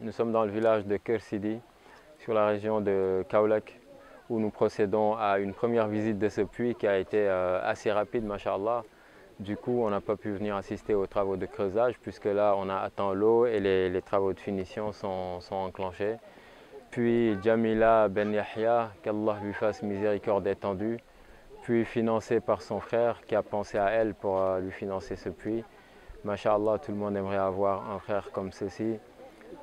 Nous sommes dans le village de Kersidi, sur la région de Kaulak, où nous procédons à une première visite de ce puits qui a été euh, assez rapide, machallah. Du coup, on n'a pas pu venir assister aux travaux de creusage, puisque là, on a atteint l'eau et les, travaux de finition sont enclenchés puis Jamila Ben Yahya, qu'Allah lui fasse miséricorde étendue, puis financé par son frère qui a pensé à elle pour euh, lui financer ce puits. Masha'Allah, tout le monde aimerait avoir un frère comme ceci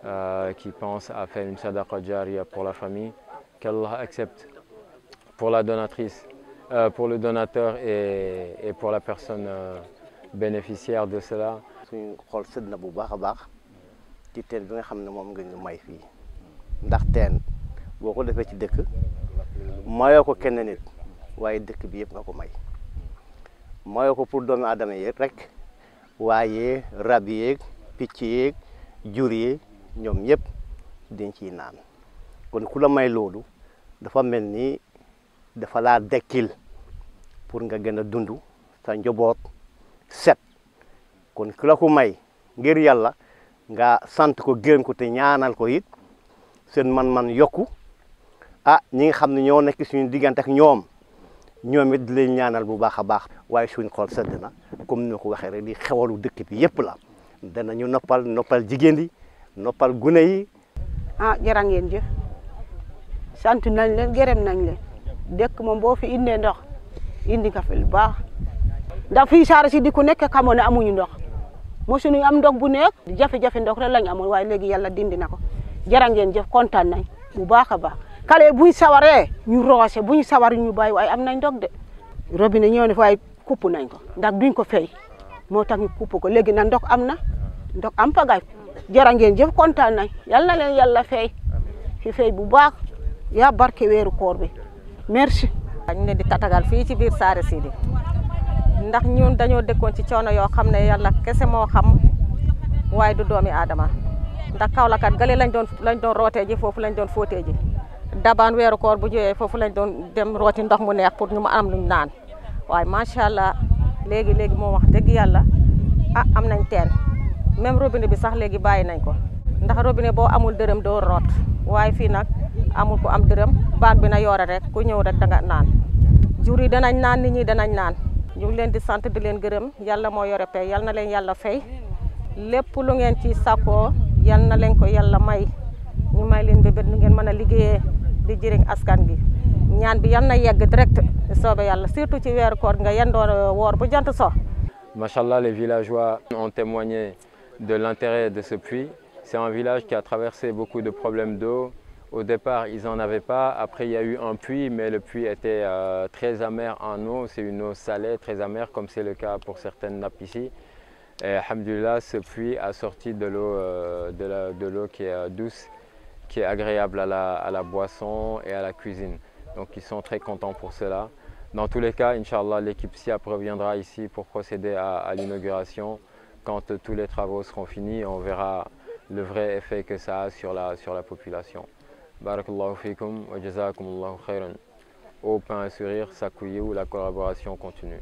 euh, qui pense à faire une sadaqa jariya pour la famille. Qu'Allah accepte pour la donatrice, euh, pour le donateur et, pour la personne bénéficiaire de cela. ndax teen boo ko defee ci dëkk mayoo ko kenn nit waaye dëkk bi yëpp nga ko may mayoo ko pour doomi aadama yeeg rek waaye rab yee picc yee jur yi ñoom ñëpp dañ ci naan kon ku la may loolu dafa mel ni dafa laa dekkil pour nga gën a dund sa njaboot set kon ku la ko may ngir yàlla nga sant ko gërëm ko te ñaanal ko it seen man-man yokku a ah, ñi nga xam ne ñoo nekk suñu diggante ak ñoom ñoom it di leen ñaanal bu baax a baax waaye suñ kool sedd na comme ni ko waxee rek di xewalu dëkk bi yëpp la danañu noppal noppal jigéen yi noppal gune yi. ah jërë ngeen jëf sant nañ leen gërëm nañ leen dëkk moom boo fi indee ndox indi ka fi lu baax ndax fii saara si di ku nekk xamoo ne amuñu ndox mosuñu am ndox bu nekk jafe-jafe ndox rek lañ amoon waaye léegi yàlla dindi na ko. jërë ngeen jëf kontaan nañ bu baax a baax kale buñ sawaree ñu roose buñ sawar ñu bàyyi waaye am nañ dog de robinet ñëw ne waaye kupp nañ ko ndax duñ ko fay moo tax ñu kupp ko léegi na ndox am na ndox am pagaay jërë ngeen jëf kontaan nañ yal na leen yàlla fay fi fay bu baax yaa barke weeru koor bi merci dañ ne di tatagal fii ci biir Saare Sidi ndax ñun dañoo dëkkoon ci coono yoo xam ne yàlla kese moo xam waaye du doomi aadama ndax lakat gale lañ doon lañ doon rootee foofu lañ doon fóotee ji dabaan weeru koor bu ñëwee foofu lañ doon dem rooti ndox mu neex pour ñu ma am luñ naan waaye macha allah léegi léegi moo wax dëgg yàlla a ah, am nañ teen même robine bi sax léegi bàyyi nañ ko ndax robine boo amul dërëm doo root waaye fii nag amul ko am dërëm baag bi na yoore rek ku ñëw rek da nga naan jur yi danañ naan nit ñi danañ naan ñu ngi leen di sant di leen gërëm yàlla moo yore pay yàlla na leen yàlla fay ci sakkoo Machallah, les villageois ont témoigné de l'intérêt de ce puits. C'est un village qui a traversé beaucoup de problèmes d'eau. Au départ, ils n'en avaient pas. Après, il y a eu un puits, mais le puits était euh, très amer en eau. C'est une eau salée, très amère, comme c'est le cas pour certaines nappes ici. Et Alhamdulillah, ce puits a sorti de l'eau euh, qui est euh, douce, qui est agréable à la, boisson et à la cuisine. Donc ils sont très contents pour cela. Dans tous les cas, Inshallah, l'équipe SIAP reviendra ici pour procéder à, l'inauguration. Quand euh, tous les travaux seront finis, on verra le vrai effet que ça a sur la, population. Barakallahu fikum wa jazakumullahu Au pain et sourire, Sakuyu, la collaboration continue.